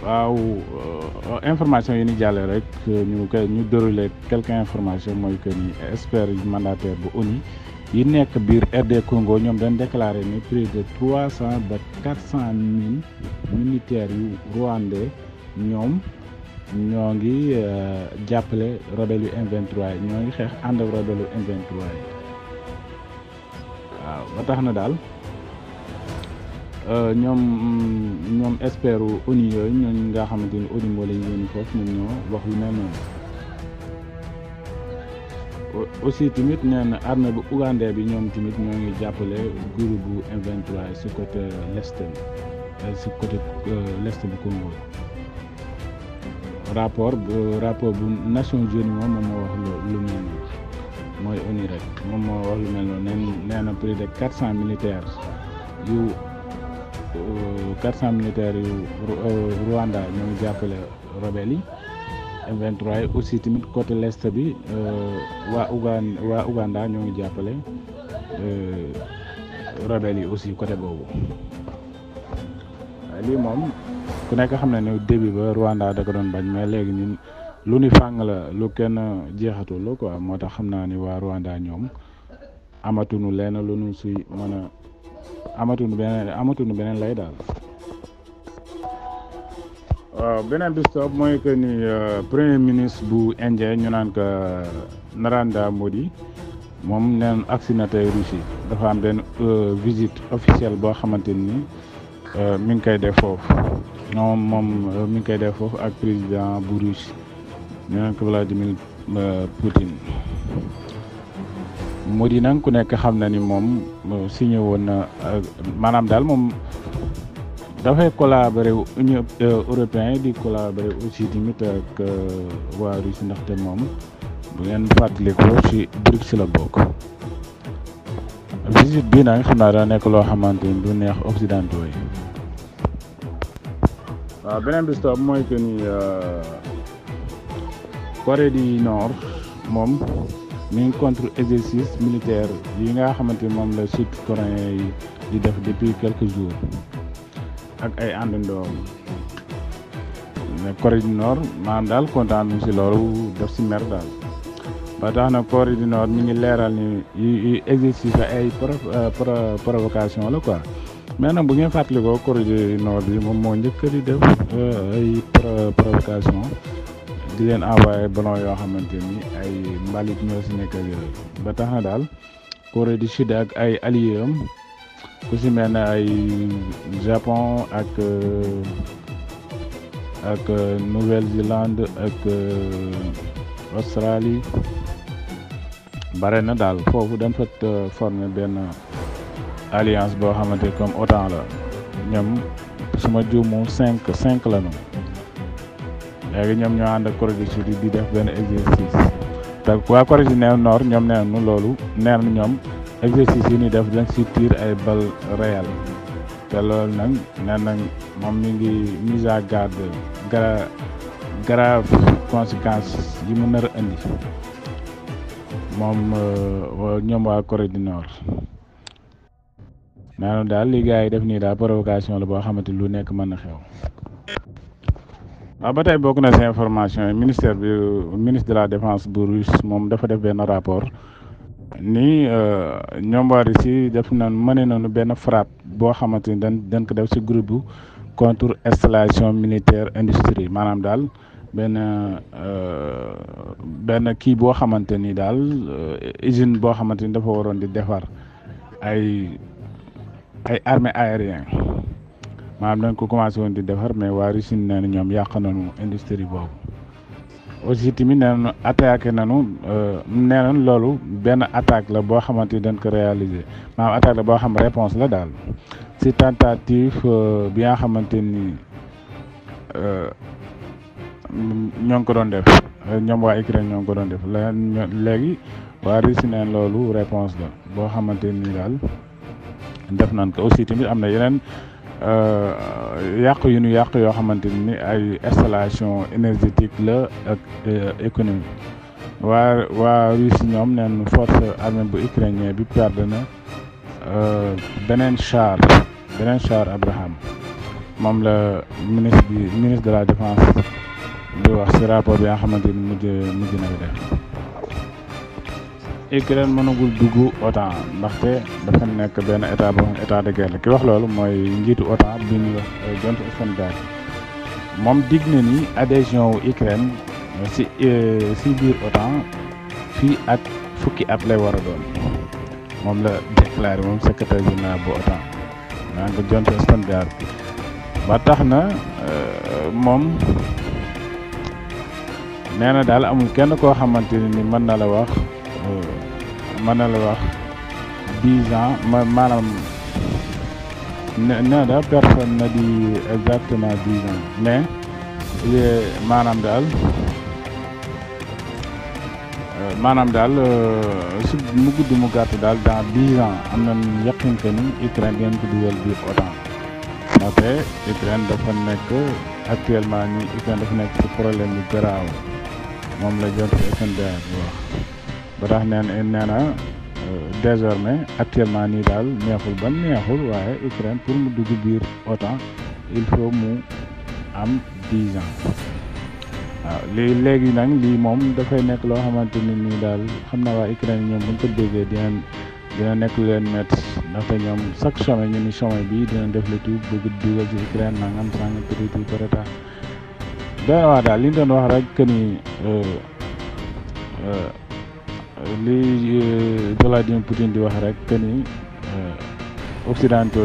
waaw euh, information yi ni jàllee rek ñu koy ñu déroulé quelques informations mooy que ni expert yi mandataire bu ONU yi nekk biir RD Congo ñoom dañ déclaré ni près de 300 ba quatre mille militaires yu rwandais ñoom ñoo ngi euh, jàppale rebelle yu M23 yi ñoo ngi xeex ànd ak rebelle yu M23 yi waaw ba tax na daal. Euh, ñoom mm, ñoom experts u ONU yooyu ñooñu nga xamante ni ONU moo leen yónni foofu ñoom ñoo wax lu mel noonu aussi tamit nee na bu Ougandais bi ñoom tamit ñoo ngi jàppale groupe bu M23 si côté l'est si euh, côté euh, l'est bu Congo rapport rapport bu Nations Unies moom moom moo wax lu mel noonu mooy ONU rek moom moo wax lu mel na près de quatre cent militaires yu 400 militaires yu Rwanda ñu ngi jàppale rebelle yi M23 aussi tamit côté l'est bi eh, wa Uganda waa Uganda ñoo ngi jàppale eh, rebelle yi aussi côté boobu lii eh, moom ku nekk ne début ba Rwanda da ko doon bañ mais léegi ñun lu ni fàng la lu kenn jeexatul la quoi moo tax ni waa Rwanda ñoom amatuñu lenn lu nu suy amatuñu beneen amatuñu beneen lay daal waaw beneen bi stop mooy que ni ah, ah, premier ministre bu indien ñu naan que naranda modi moom neen agsi na tey russie dafa am benn ah, visite officielle boo xamante ni mi ngi koy def foofu moom moom mi ngi koy def foofu ak président bu russie ñu naan ko vladimir poutine Mody nag ku nekk xam na ni moom signé woon na euh, maanaam daal moom dafay collaboré union euh, européen di collaboré aussi tamit ak euh, waa Russie ndaxte moom bu ngeen fàttali ko ci la bokk. visite bii nag xam naa daa nekk loo xamante ni du neex Occidentaux yi. waaw beneen bi stop mooy que ni Corée du Nord moom. mi contre exercice militaire yi nga xamanteni ni moom la sud coréen yi di def depuis quelques jours ak ay àndandoom Corée du Nord maanaam daal kontaan nañ si loolu def si mer daal ba tax na Corée du Nord mi ngi leeral ni yu exercice ay euh, provocation la quoi mais nag bu ngeen fàttalikoo Corée du Nord yi moom moo njëkk di def euh, ay provocation di leen envoyé ballon yoo ay mbalit ñoo si ba Corée du Sud ay alliés Japon ak euh, ak euh, Nouvelle-Zélande ak euh, Australie bare na daal former benn alliance comme OTAN la ñoom suma léegi ñoom ñoo ànd ak Sud di def benn exercice te waa Corée du Nord ñoom nee nañu loolu nee na exercice yi def dañ si tiir ay bal réel mi ngi mise à garde gra grave conséquences yi mu nar a indi moom euh, ñoom waa Nord. naanu daal li gars def provocation la lu na xew waaw ah, ba tey bokk na si information ministère bi ministre de la défense bu russe moom dafa def benn rapport ni euh, ñoom waa Russie def nañ mëne nañu benn frappe boo xamante ni dañ dañ ko def si groupe bu contre installation militaire industrie maanaam daal benn euh, benn kii boo xamante nii daal euh, usine boo xamante ni dafa waroon di defar ay ay aérien maam dañ ko commencé won di defar mais wa Russie nañ ñom yaq nañu industrie bobu aussi timi nañ attaquer nañu euh nañ lolu ben attaque la bo xamante dañ ko réaliser maam attaque la bo xam réponse la dal si tentative euh, bi nga xamante ni euh, ñoo ngi ko don def ñom wa Ukraine ñong ko don def légui wa Russie nañ lolu réponse la bo xamante ni def nañ ko aussi timi am na Euh, yàq yu ñu yàq yoo xamante ni ay installation énergétique la ak euh, économie waa waa Russie ñoom neen force armée bu ukrainien bi perdre na euh, beneen char beneen char Abraham moom la ministre bi ministre de la défense di wax si rapport bi nga xamante ni mujj mujj Ukraine mënagul dugg OTAN ndaxte dafa nekk benn état boo xam état de guerre ki wax loolu mooy njiitu OTAN bi ñuy wax euh, Jens Stoltenberg moom digg na ni adhésion wu Ukraine euh, si euh, si biir OTAN fii ak fukki at lay war a doon moom la déclaré moom secrétaire général bu OTAN naan ko Jens Stoltenberg ba tax na moom nee na daal amul kenn koo xamante ni mën na la wax. ma na la wax dix ans ma maanaam nee na personne na di exactement dix ans mais euh, maanaam daal euh, maanaam daal euh, su mu gudd mu gàtt daal dans dix ans am nañ yaqin que ni Ukraine ngeen ko dugal biir OTAN ndaxte Ukraine dafa nekk actuellement ni Ukraine dafa nekk ci problème yu garaaw moom la jot ci SNDR bi wax ba tax nee na nee euh, na désormais actuellement nii daal neexul ba neexul waaye Ukraine pour mu dugg biir OTAN il faut mu am waaw lii léegi nag lii moom dafay nekk loo xamante ni nii daal xam naa waa Ukraine ñoom buñ ñu ko dina nekk lu leen métti ndaxte ñoom chaque sommet ñu ni sommet bi dina def le tout bëgg dugal ci Ukraine nangam sànq tuuti tuuti retard doy waa daal li ñu doon wax rek que euh, euh, li euh, Vladimir Poutine di wax rek que ni euh,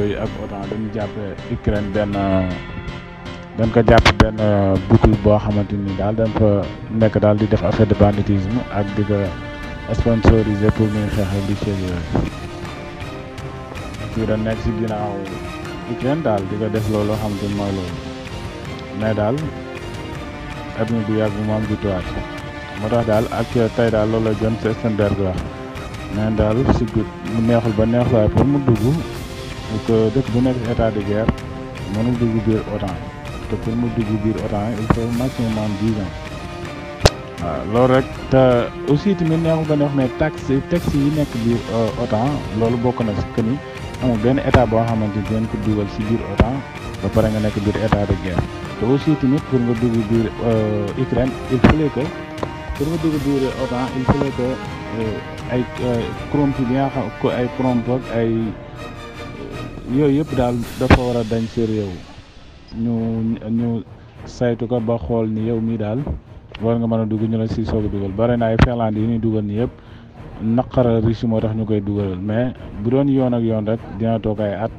yi ak OTAN dañu jàppee Ukraine benn dañ ko jàpp benn boucle boo xamante ni daal dañ fa nekk daal di def affaire de banditisme ak di ko sponsorisé pour ñuy xeexal li ci yooyu. fii nekk si ginnaaw Ukraine daal di ko def loolu xamante ni mooy loolu mais daal at du yàgg moom di motax dal ak tay dal lolo la jëm sa standard la dal ci gut mu neexul ba neex waaye pour mu dugg que dekk bu nek état de guerre mënu dugg biir otan te pour mu dugg biir otan il faut maximum 10 ans waaw rek ta aussi tamit neexul ba neex mais taxe taxe yi nek biir eh, otan loolu bokk na ci kene amu ben état bo xamanteni ni ko duggal ci biir otan ba pare nga nek biir état de guerre te aussi tamit pour nga dugg biir eh, ukraine il fallait que Rodere boeren op aan in Pelego. Ay krompi euh, nga xam ko ay kromp ak ay euh, yoy yep dal dafa wara dañ serius. rew ñu saya saytu ko ba xol ni dal war nga mëna dugg ñu la ci sogu duggal bare na ay feland yi ni duggal ni nyu naqara riche motax ñukoy iya mais iya. doon yoon ak yoon rek dina tok ay at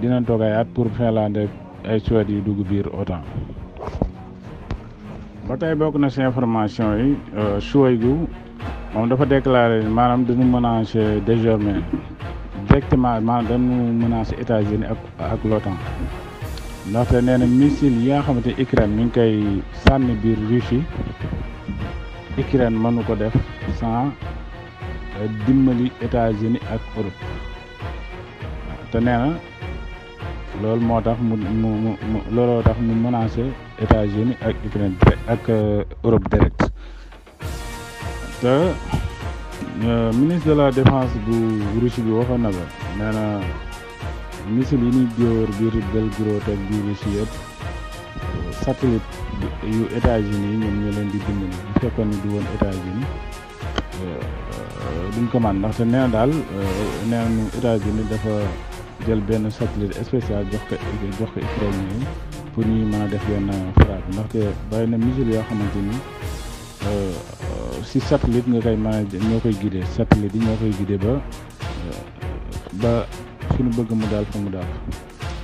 dina tok ay at pour feland ay suwat yi dugg biir otan ba bokk na si information yi euh, Shoigu moom dafa déclaré maanaam dañu menacer désormais directement maanaam dañu menacer États-Unis ak ak l'OTAN ndaxte nee na missile yi nga xamante Ukraine mi ngi koy sànni biir Russie Ukraine mënu ko def sans euh, dimbali États-Unis ak Europe te nee loolu moo tax mu mu mu looloo tax mu menacé États-Unis ak Ukraine ak euh, Europe direct te euh, ministre de la défense bu Russie bi waxoon na ko nee na missile yi ñuy jóor biir Belgorod ak biir Russie yëpp euh, satellite yu États-Unis ñoom ñoo leen di dimbali bu fekkoon ni du woon États-Unis duñ ko man ndaxte nee na daal nee na États-Unis dafa. jël benn satellite spécial jox ko jox yi pour ñuy mën a def yenn frappe ndaxte bari na missile yoo xamante ni euh, si satellite nga koy mën a ñoo koy guider satellite yi ñoo koy guider ba euh, ba fi bëgg mu daal fa mu daal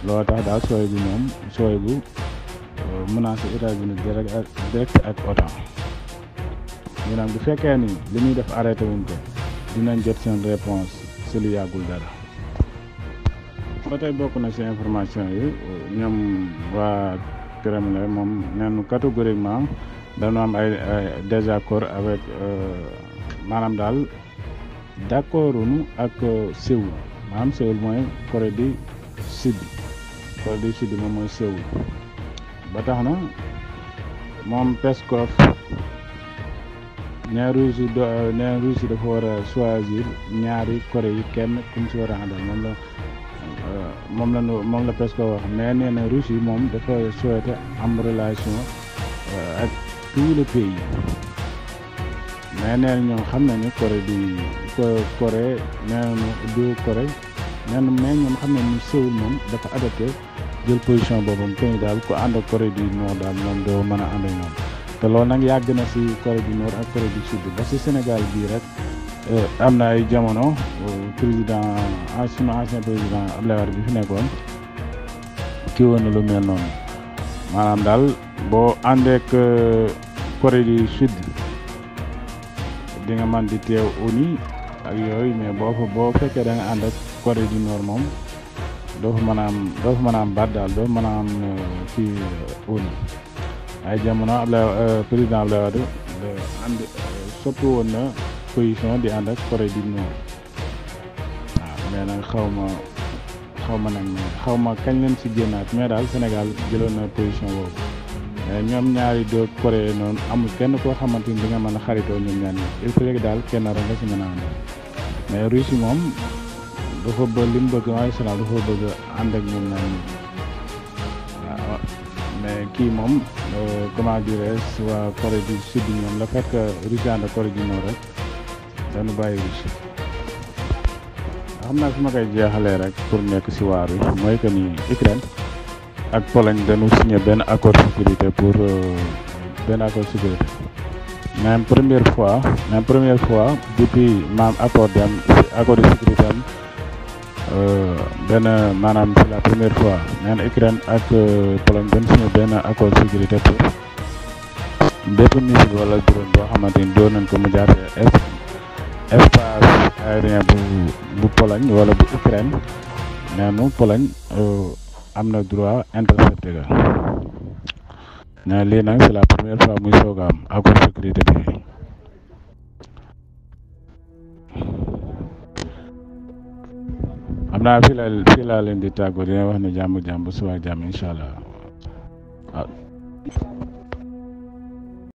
loolu tax daal sooy bu moom sooy bu euh, menacé États-Unis direct ak direct ak OTAN maanaam bu fekkee ni li ñuy def arrêté wuñ ko dinañ jot seen réponse si lu yàggul dara ba tey bokk na ci information yi ñoom waa Kremlin moom neen catégoriquement dañu am ay désaccord avec euh, maanaam daal d'accorduñu ak Séoul maanaam Séoul mooy Corée du Sud Corée du Sud moom mooy Séoul ba tax na moom Peskov ne Russie ne Russie dafa war a choisir ñaari Corée yi kenn ku si war a moom la moom la ñu moom la presque wax mais nee na Russie yi moom dafa souhaité am relation euh, ak tous la pays mais nee na ñoom xam na ne Corée du Corée nee nañu du Corée nee na mais ñoom xam nañu Séoul moom dafa adopté jël position boobam kenn daal ku ànd ak Corée du Nord daal moom doo mën a ànd te lool nag yàgg na si Corée bi Nord ak Corée du Sud ba si Sénégal bii rek. Eh, am na ay jamono euh, président ancien ancien président Abdoulaye Wade bi fi nekkoon kii woon na lu mel noonu maanaam daal boo àndeek euh, Corée du Sud di nga man di teew ONU ak yooyu mais boo fa boo fekkee da nga ànd du Nord moom doo fa mën a mën a baat daal doo mën a am fii euh, ONU ay jamono Abdoulaye président Abdoulaye Wade ànd soppi woon na opposition di ànd ak Corée du Nord waaw mais nag xaw ma ma nag xaw ma kañ leen si génnaat mais daal Sénégal jëloon na position boobu eh, ñoom ñaari doo Corée noonu amul kenn koo xamante ni di nga mën a xaritoo ñoom ñaar il faut daal kenn ra nga a mais Russie moom dafa bëgg li bëgg waaye mais kii moom euh, comment dirais-je waa Corée du Sud ñoom le fait que ànd ak Corée du Nord rek. dañu bàyyi wu xam naa su ma koy jeexalee rek pour nek ci waar bi mooy que ni Ukraine ak Pologne dañu signé ben accord sécurité pour euh, ben accord sécurité même première fois même première fois depuis mam accord dem accord de sécurité am euh, ben manam c'est la première fois neen Ukraine ak euh, Pologne dañu signé ben accord sécurité pour bépp missile wala drone boo xamante ni doon nañ ko mu jaaree est espace aérien bu bu Pologne wala bu Ukraine neenu Pologne euh, am na droit intercepté la ne lii nag c'est la première fois muy soog a am accord sécurité bi xam naa fii la fii laa leen di tàggoo dina wax ne jàmm jàmm suba jàmm incha allah ah.